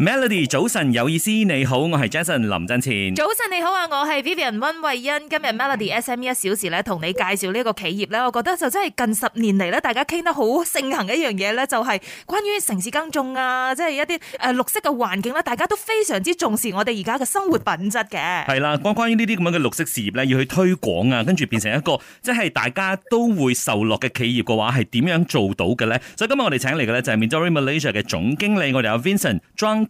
Melody，早晨有意思，你好，我係 Jason 林振前。早晨你好啊，我係 Vivian 溫慧欣。今日 Melody SME 一小時咧，同你介紹呢個企業咧，我覺得就真係近十年嚟咧，大家傾得好盛行嘅一樣嘢咧，就係、是、關於城市耕種啊，即、就、係、是、一啲誒、呃、綠色嘅環境啦，大家都非常之重視我哋而家嘅生活品質嘅。係啦，關關於呢啲咁樣嘅綠色事業咧，要去推廣啊，跟住變成一個即係大家都會受落嘅企業嘅話，係點樣做到嘅咧？所以今日我哋請嚟嘅咧就係 Midori Malaysia 嘅總經理，我哋阿 Vincent、莊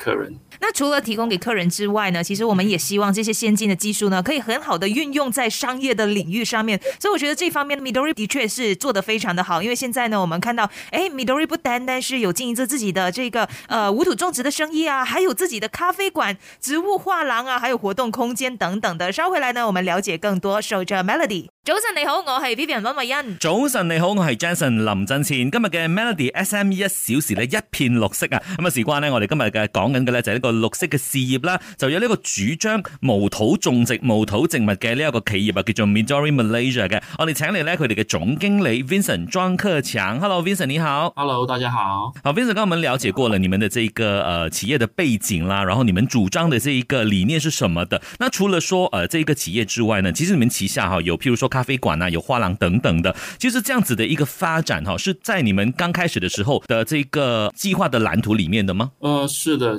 客人，那除了提供給客人之外呢，其實我們也希望這些先進的技術呢，可以很好的運用在商業的領域上面。所以我覺得這方面 Midori 的確是做得非常的好。因為現在呢，我們看到，誒，Midori 不單單是有經營着自己的這個，呃，無土種植的生意啊，還有自己的咖啡館、植物畫廊啊，還有活動空間等等的。稍後回來呢，我們了解更多守着 Melody。早晨你好，我係 Vivian 溫偉恩。早晨你好，我係 Jason 林振前。今日嘅 Melody SME 一小時呢，一片綠色啊！咁、嗯、啊，事關呢，我哋今日嘅講。緊嘅咧就呢、是、個綠色嘅事業啦，就有呢個主張無土種植、無土植物嘅呢一個企業啊，叫做 Midori Malaysia 嘅。我哋請嚟咧佢哋嘅總經理 Vincent 莊克強。Hello，Vincent 你好。Hello，大家好。好，Vincent，剛我們了解過了你們的這一個誒、呃、企業的背景啦，然後你們主張的這一個理念是什麼的？那除了說誒、呃、這個企業之外呢，其實你們旗下哈有譬如說咖啡館啊，有花廊等等的，其、就是這樣子的一個發展哈、啊，是在你們剛開始的時候的這個計劃的藍圖裏面的嗎？嗯、呃，是的。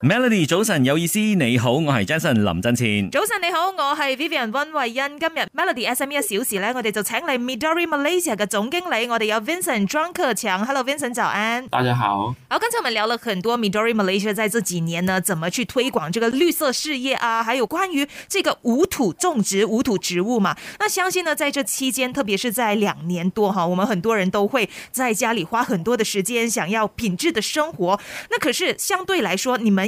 Melody 早晨有意思，你好，我係 Jason 林振前。早晨你好，我係 Vivian 溫慧欣。今日 Melody SME 一小時呢，我哋就請嚟 Midori Malaysia 嘅總經理，我哋有 Vincent 莊克強。Hello Vincent，早安。大家好。好，剛才我們聊了很多 Midori Malaysia 在這幾年呢，怎麼去推廣這個綠色事業啊？還有關於這個無土種植、無土植物嘛？那相信呢，在這期間，特別是在兩年多哈，我們很多人都會在家裏花很多的時間，想要品質的生活。那可是相對來說，你們。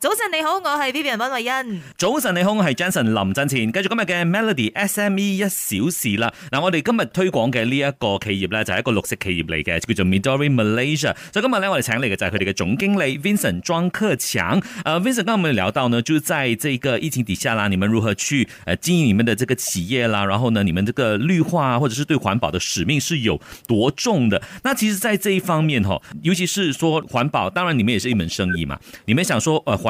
早晨你好，我係 Vivian 溫慧欣。早晨你好，我係 Jenson 林振前。繼續今日嘅 Melody SME 一小時啦。嗱、啊，我哋今日推廣嘅呢一個企業咧，就係、是、一個綠色企業嚟嘅，叫做 Midori Malaysia。今我們的就今日咧，我哋請嚟嘅就係佢哋嘅總經理 Vincent 莊克強。誒、啊、，Vincent，剛我哋聊到呢，就是在這個疫情底下啦，你們如何去誒、啊、經營你們的這個企業啦？然後呢，你們這個綠化，或者是對環保的使命是有多重的？那其實，在這一方面，哈，尤其是說環保，當然你們也是一門生意嘛。你們想說，誒、啊、環。